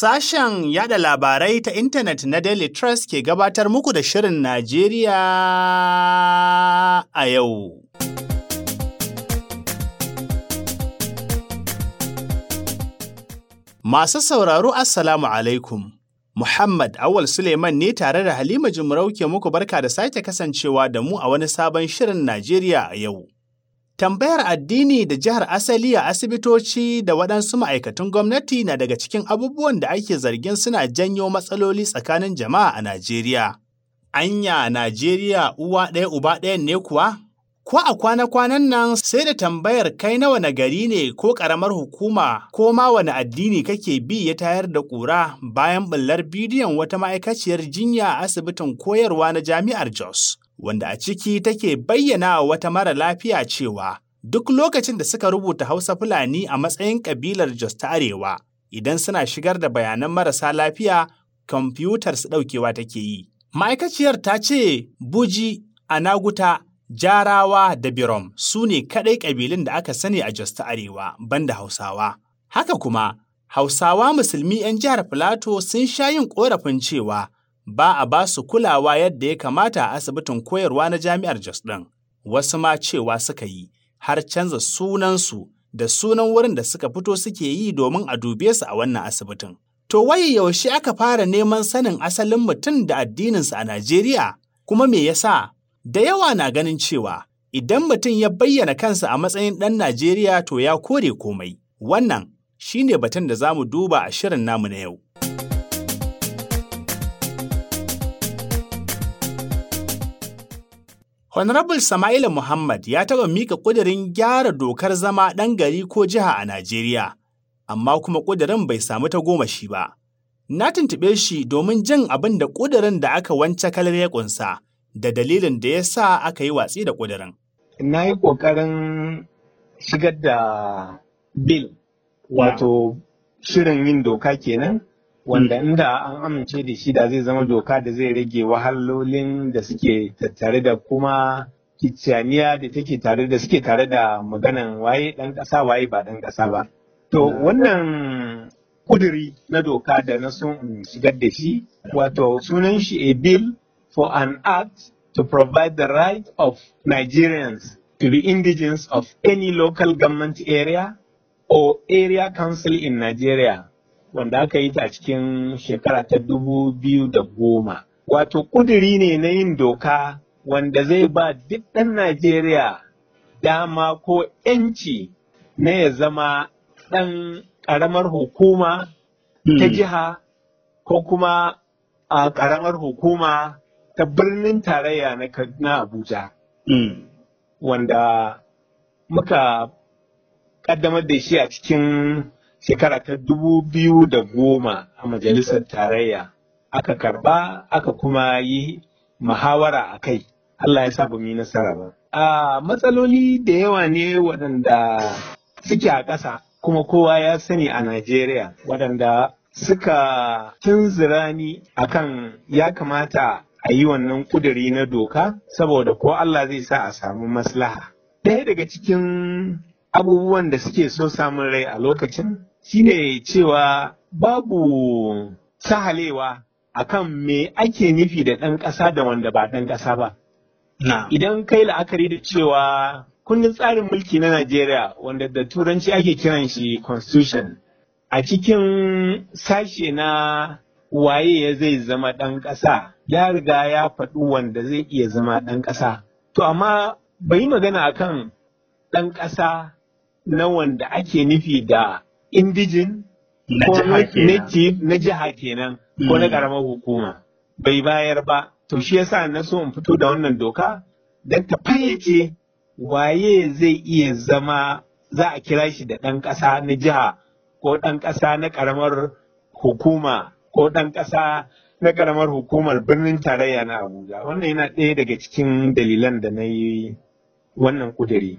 Sashen yada labarai ta intanet na Daily Trust ke gabatar muku da Shirin Najeriya a yau. Masu sauraro Assalamu alaikum. Muhammad Awal Suleiman ne tare da Halima Jimarau ke muku barka da sake kasancewa da mu a wani sabon Shirin Najeriya a yau. Tambayar addini da jihar asali a asibitoci da waɗansu ma'aikatan gwamnati na daga cikin abubuwan da ake zargin suna janyo matsaloli tsakanin jama'a a Najeriya. Anya Najeriya uwa ɗaya uba ɗayan ne kuwa? Ko a kwana-kwanan nan sai da tambayar kai na wane gari ne ko ƙaramar hukuma ko ma wane addini kake bi ya tayar da ƙura bayan bullar bidiyon wata ma'aikaciyar jinya a asibitin koyarwa na jami'ar Jos. wanda a ciki take bayyana wata mara lafiya cewa duk lokacin da suka rubuta Hausa Fulani a matsayin kabilar Jos ta Arewa, idan suna shigar da bayanan marasa lafiya, kwamfutar su ɗaukewa take yi. Ma'aikaciyar ta ce Buji, Anaguta, Jarawa da Birom su ne kaɗai ƙabilun da aka sani a Jos ta Arewa, da Hausawa. Haka kuma, Hausawa Musulmi 'yan jihar Filato sun sha yin ƙorafin cewa ba a ba su kulawa yadda ya kamata a asibitin koyarwa na Jami'ar Jos ɗin. Wasu ma cewa suka yi, har canza sunansu da sunan wurin da suka fito suke yi domin a dube su a wannan asibitin. To wai yaushe aka fara neman sanin asalin mutum da addininsa a Najeriya, kuma me yasa? Da yawa na ganin cewa idan mutum ya bayyana kansa a matsayin ɗan Najeriya to ya kore komai. Wannan shine batun da za mu duba a shirin namu na yau. Honorable Sama'ila Muhammad ya taɓa mika ƙudurin gyara dokar zama ɗan gari ko jiha a Najeriya, amma kuma ƙudurin bai samu ta goma shi ba. Na tuntuɓe shi domin jin abin da ƙudurin da aka wance kalar ya ƙunsa da dalilin da ya sa aka yi watsi da ƙudurin. Na yi ƙoƙarin shigar da bil, wato shirin yin doka kenan wanda mm. inda an amince da shi da zai zama doka da zai rage wahalolin da suke tattare da kuma kiciyaniya da take tare da suke tare da maganan waye dan kasa waye ba dan kasa ba. To mm. wannan kuduri na doka da na sun shigar da shi wato sunan shi a bill for an act to provide the right of Nigerians to be indigenous of any local government area or area council in Nigeria wanda aka yi ta a cikin shekara ta dubu biyu da goma. Wato kuduri ne na yin doka wanda zai ba duk ɗan Najeriya dama ko 'yanci na ya zama ɗan ƙaramar hukuma ta hmm. jiha ko kuma a ƙaramar hukuma ta birnin tarayya na Abuja. Hmm. Wanda muka ƙaddamar da shi a cikin shekara ta dubu biyu da goma a majalisar tarayya aka karba aka kuma yi muhawara a kai Allah ya sabu yi nasara ba. A matsaloli da yawa ne waɗanda suke a ƙasa kuma kowa ya sani a Najeriya waɗanda suka a akan ya kamata a yi wannan ƙuduri na doka saboda ko Allah zai sa a samu maslaha. Ɗaya daga cikin abubuwan da suke so samun rai a lokacin shine cewa babu sahalewa akan me ake nufi da ɗan ƙasa da wanda ba ɗan ƙasa ba. Idan kai la'akari da cewa kundin tsarin mulki na Najeriya wanda da turanci ake kiran shi constitution a cikin sashe na waye ya zai zama ɗan ƙasa ya riga ya faɗi wanda zai iya zama ɗan ƙasa. To amma bai magana akan ɗan ƙasa na wanda ake nufi da indijin ko na jiha kenan ko na ƙaramar mm. hukuma bai bayar ba to shi yasa na so in fito da wannan doka don ta fayyace waye zai iya zama za a kira shi da ɗan ƙasa na jiha ko ɗan ƙasa na ƙaramar hukuma ko ɗan ƙasa na ƙaramar hukumar birnin tarayya na abuja wannan yana ɗaya daga cikin dalilan da na yi wannan ƙudiri.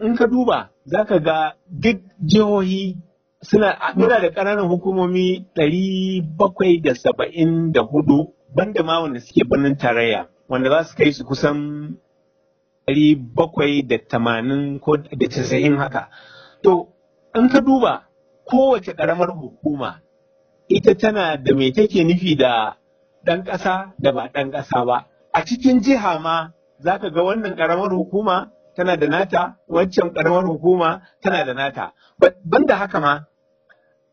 in ka duba za ka ga duk jihohi suna muna da ƙananan hukumomi ɗari bakwai da saba'in da hudu banda ma wanda suke birnin tarayya wanda za su kai su kusan ɗari bakwai da tamanin ko da casa'in haka to in ka duba kowace ƙaramar hukuma ita tana da mai take nufi da ɗan ƙasa da ba ɗan ƙasa ba a cikin jiha ma za ka ga wannan ƙaramar hukuma tana da nata waccan karamar hukuma tana da nata banda haka ma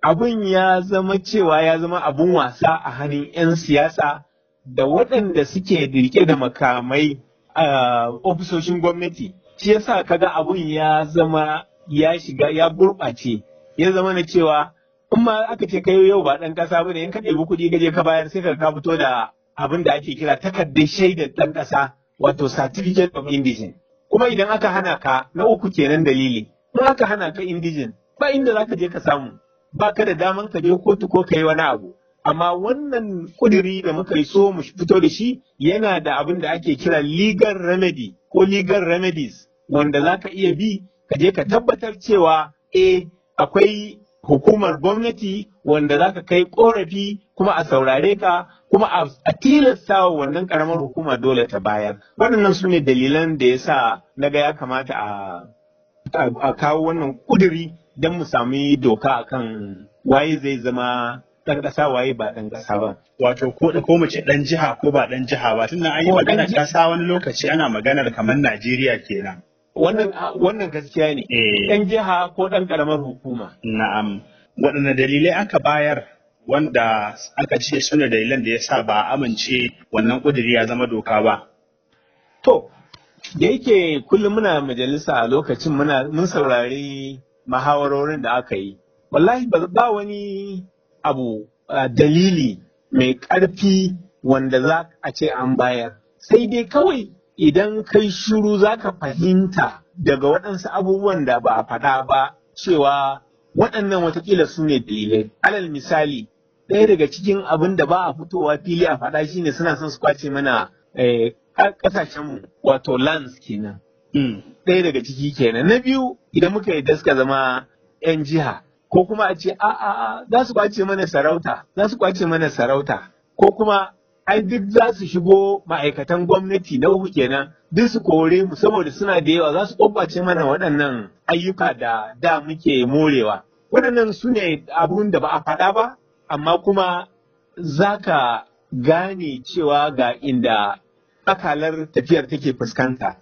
abun ya zama cewa ya zama abun wasa a hannun 'yan siyasa da waɗanda suke riƙe da makamai a ofisoshin gwamnati shi yasa kaga abun ya zama ya shiga ya gurɓace ya zama na cewa in ma aka ce kai yau ba ɗan ƙasa ba ne in ka ɗebi kuɗi ka je ka bayar sai ka fito da abin da ake kira takardar shaidar ɗan ƙasa wato certificate of indigin. kuma idan aka hana ka na uku kenan dalili in aka hana ka indijin ba inda za ka je ka samu ba ka da daman ka je kotu ko ka yi wani abu amma wannan kuduri da muka yi so mu fito da shi yana da abin da ake kira legal remedy ko legal remedies wanda za ka iya bi ka je ka tabbatar cewa eh akwai hukumar gwamnati wanda za ka kai korafi kuma a saurare ka kuma a tilasta wa wannan karamar hukuma dole ta bayar waɗannan su ne dalilan da ya sa na ga ya kamata a kawo wannan kuduri don mu sami doka akan waye zai zama ɗan ƙasa waye ba ɗan ƙasa ba. Wato ko da ko ce ɗan jiha ko ba ɗan jiha ba tun an yi magana ƙasa wani lokaci ana maganar kamar Najeriya kenan. Ah, wannan gaskiya ne ɗan eh. jiha ko ɗan ƙaramar hukuma na'am waɗanne dalilai aka bayar wanda aka ce suna dalilan da ya sa ba amince wannan ƙudiri ya zama doka ba to da yake kullum muna majalisa a lokacin muna mun saurari mahawarorin da aka yi wallahi ba wani abu ah, dalili mai ƙarfi wanda za a ce an bayar sai dai kawai idan kai shiru za ka fahimta daga waɗansu abubuwan da ba a faɗa ba cewa waɗannan watakila su ne dalilai alal misali ɗaya daga cikin abin da ba a fitowa fili a faɗa shine suna son su kwace mana eh, ƙasashenmu wato lands kenan hmm. ɗaya daga ciki kenan na biyu idan muka yi daska, zama 'yan jiha ko kuma a ce a'a, za su kwace mana sarauta za su kwace mana sarauta ko kuma ai duk za su shigo ma'aikatan gwamnati na uku kenan duk su kore mu saboda suna da yawa za su kwabace mana waɗannan ayyuka da da muke morewa waɗannan su ne abun da ba a faɗa ba amma kuma za ka gane cewa ga inda akalar tafiyar take fuskanta.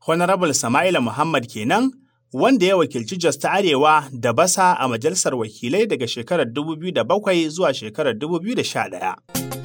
Honorable Sama'ila Muhammad kenan wanda ya wakilci Jos ta Arewa da Basa a Majalisar Wakilai daga shekarar 2007 zuwa shekarar 2011.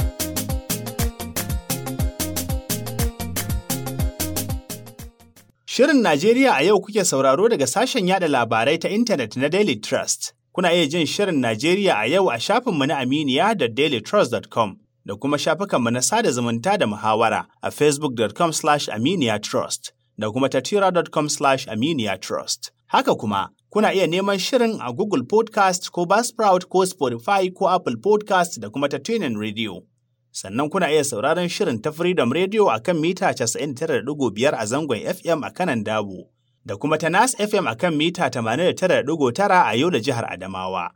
Shirin Najeriya a yau kuke sauraro daga sashen yada labarai ta intanet na Daily Trust. Kuna iya jin Shirin Najeriya a yau a shafinmu na Aminiya da dailytrust.com da kuma shafukanmu na sada zumunta da muhawara a facebook.com slash aminiyatrust da kuma tatira.com slash aminiyatrust. Haka kuma, kuna iya neman shirin a Google Podcast ko Buzzsprout ko Spotify ko Apple Podcast da kuma ta Radio. Sannan kuna iya sauraron shirin ta Freedom Radio a kan mita 99.5 a zangon FM a kanan Dabo, da kuma ta Nas FM a kan mita 89.9 a yau da jihar Adamawa.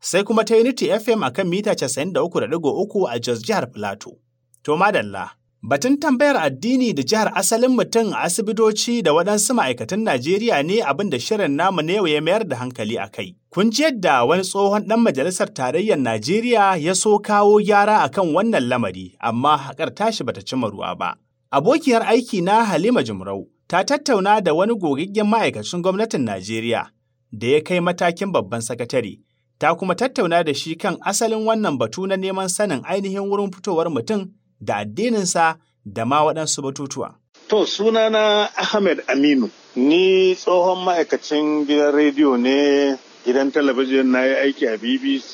Sai kuma ta Unity FM a kan mita 93.3 a Jos jihar Plateau. To madalla. Batun tambayar addini da jihar asalin mutum a asibitoci da waɗansu ma'aikatan Najeriya ne abin da shirin namu ne ya mayar da hankali a kai. Kun ji yadda wani tsohon ɗan majalisar tarayyar Najeriya ya so kawo gyara a kan wannan lamari, amma haƙar tashi bata cima ruwa ba. Abokiyar aiki na Halima Jumrau ta tattauna da wani gogaggen ma'aikacin gwamnatin Najeriya da ya kai matakin babban sakatare. Ta kuma tattauna da shi kan asalin wannan batu na neman sanin ainihin wurin fitowar mutum da addininsa da ma waɗansu batutuwa. To sunana Ahmed Aminu, ni tsohon ma'aikacin gidan rediyo ne gidan talabijin na yi aiki a BBC,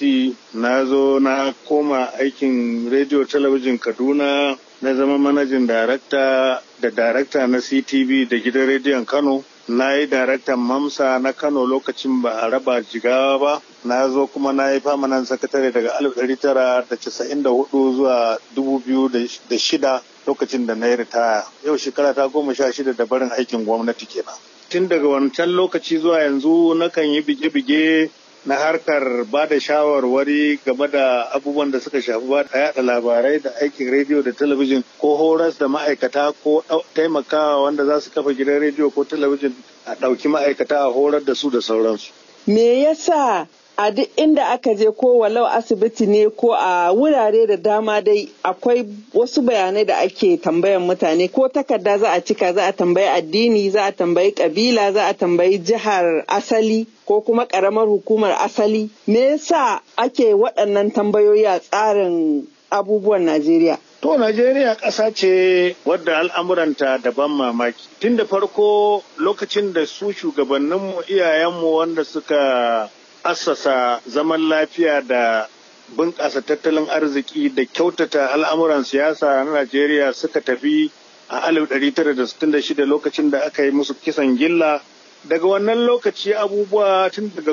na zo na koma aikin rediyo talabijin Kaduna, na zama manajin darakta da darakta na CTV da gidan rediyon Kano. Na yi daraktan Mamsa na Kano lokacin ba a raba jigawa ba, na zo kuma na yi famanan sakatare daga 1994 zuwa 2006 lokacin da na yi ritaya yau shekara ta goma sha shida da barin aikin gwamnati kenan tun daga wancan lokaci zuwa yanzu na kan yi bige-bige na harkar ba da shawarwari game da abubuwan da suka shafi ba da yada labarai da aikin rediyo da talabijin ko horas da ma'aikata ko taimakawa wanda za su kafa gidan rediyo ko talabijin a ɗauki ma'aikata a horar da su da sauransu. Me yasa a duk inda aka je ko walau asibiti ne ko a wurare da dama dai akwai wasu bayanai da ake tambayan mutane ko takarda za a cika za a tambayi addini za a tambayi kabila za a tambayi jihar asali ko kuma karamar hukumar asali me yasa ake waɗannan tambayoyi a tsarin abubuwan najeriya To Najeriya ƙasa ce wadda al'amuranta daban mamaki. Tun da farko lokacin da su shugabanninmu iyayenmu wanda suka assasa zaman lafiya da bunƙasa tattalin arziki da kyautata al'amuran siyasa na Najeriya suka tafi a 1966 lokacin da aka yi musu kisan gilla. Daga wannan lokaci abubuwa tun daga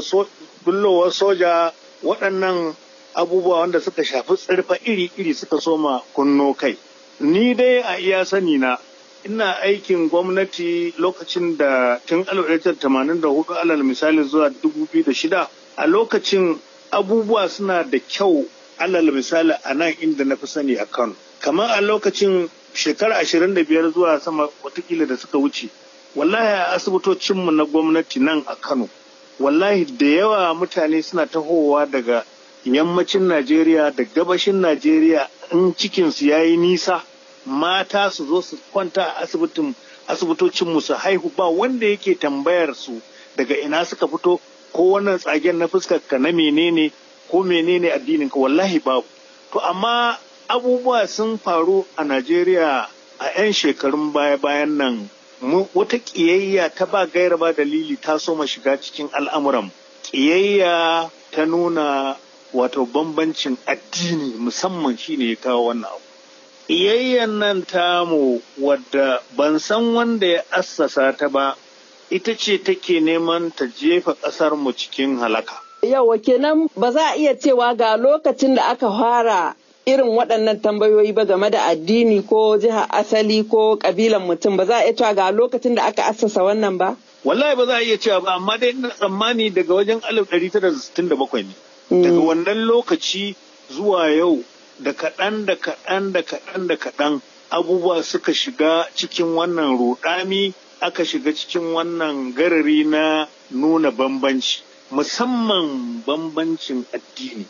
bullowar soja waɗannan abubuwa wanda suka shafi tsirfa iri-iri suka soma kunno kai. Ni dai a iya sani na ina aikin gwamnati lokacin da tun 1984 alal misali zuwa 2006 a lokacin abubuwa suna da kyau alal misali a nan inda na fi sani a Kano. Kamar a lokacin shekara ashirin da biyar zuwa sama watakila da suka wuce. Wallahi a asibitocinmu na gwamnati nan a Kano. Wallahi da yawa mutane suna tahowa daga yammacin Najeriya da gabashin Najeriya in cikinsu ya yi nisa mata su zo su kwanta a asibitin asibitocinmu su haihu ba wanda yake tambayar su daga ina suka fito ko wannan tsagen na fuskar ka na menene ko menene addinin ka wallahi babu to amma abubuwa sun faru a Najeriya a 'yan shekarun baya-bayan nan wata ƙiyayya ta ba gaira ba dalili ta soma shiga cikin al'amuran ƙiyayya ta nuna wato bambancin addini musamman shine ya kawo wannan abu ƙiyayyan nan tamu wadda ban san wanda ya assasa ta ba ita ce take neman ta jefa ƙasar mu cikin halaka. Yawa kenan ba za a iya cewa ga lokacin da aka fara irin waɗannan tambayoyi ba game da addini ko jiha asali ko ƙabilan mutum ba za a iya cewa ga lokacin da aka assasa wannan ba? Wallahi ba za a iya cewa ba amma dai ina tsammani daga wajen 1967 ne. Daga mm. wannan lokaci zuwa yau da kaɗan da kaɗan da kaɗan da kaɗan abubuwa suka shiga cikin wannan rudami aka shiga cikin wannan garari na nuna bambanci musamman bambancin addini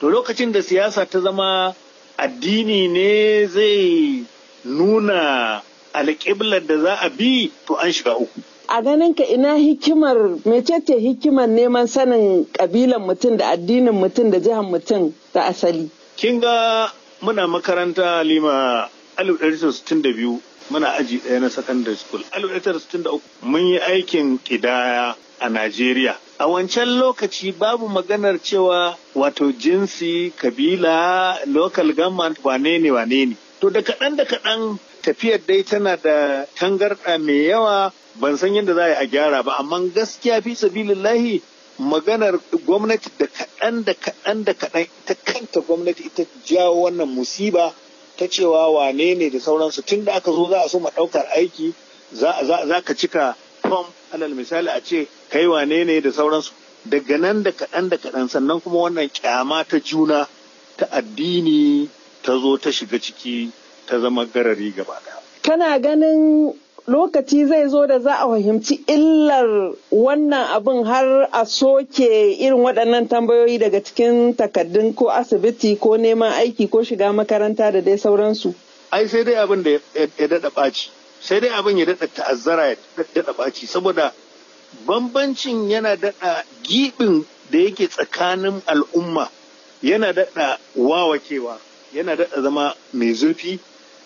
to lokacin da siyasa ta zama addini ne zai nuna alƙiblar da za a bi to an shiga uku a ganinka ina hikimar mecece hikimar neman sanin ƙabilan mutum da addinin mutum da jihar mutum ta asali kin ga muna makaranta lima 1962 muna aji ɗaya na secondary school 1963 mun yi aikin ƙidaya a Najeriya. A wancan lokaci babu maganar cewa wato jinsi, kabila, local government wane ne wane ne. To da kaɗan da kaɗan tafiyar dai tana da tangarɗa mai yawa ban san yadda za a gyara ba amma gaskiya fi sabilillahi maganar gwamnati da kaɗan da kaɗan da kaɗan ita kanta gwamnati ita jawo wannan musiba ta cewa wane ne da sauransu tun da aka zo za a so ma ɗaukar aiki za ka cika fom alal misali a ce kai wane ne da sauransu daga nan da kaɗan da kaɗan sannan kuma wannan kyama ta juna ta addini ta zo ta shiga ciki ta zama garari gaba ɗaya. kana ganin lokaci zai zo da za a fahimci illar wannan abin har a soke irin waɗannan tambayoyi daga cikin takaddun ko asibiti ko neman aiki ko shiga makaranta da dai sauransu. Ai sai dai abin da ya daɗa ɓaci, sai dai abin ya daɗa ta'azzara ya daɗa ɓaci saboda bambancin yana daɗa giɓin da yake tsakanin al'umma yana daɗa wawakewa yana daɗa zama mai zurfi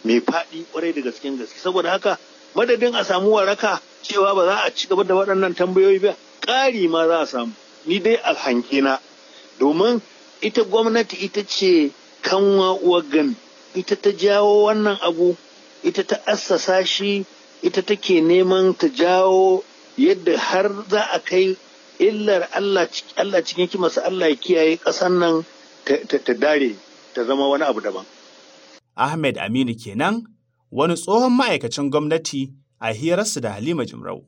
mai faɗi kwarai da gaske gaske saboda haka madadin a samu waraka cewa ba za a ci gaba da waɗannan tambayoyi ba ƙari ma za a samu ni dai alhankina hanƙina. domin ita gwamnati ita ce kanwa uwar gani, ita ta jawo wannan abu ita ta assasa shi ita take neman ta jawo yadda har za a kai illar Allah cikin kimasa Allah ya kiyaye ƙasar nan ta dare ta zama wani abu daban. Ahmed Aminu kenan wani tsohon ma'aikacin gwamnati a hirarsu da Halima Jimrau.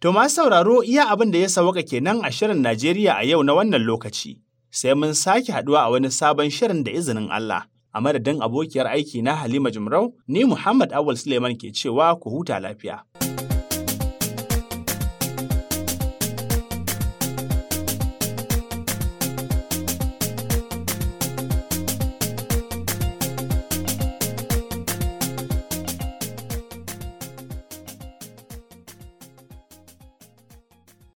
To sauraro iya abin da ya sauka kenan a shirin Najeriya a yau na wannan lokaci, sai mun sake haduwa a wani sabon shirin da izinin Allah. A madadin abokiyar aiki na Halima Jimrau, ni Muhammad Awal Suleiman ke cewa ku huta lafiya.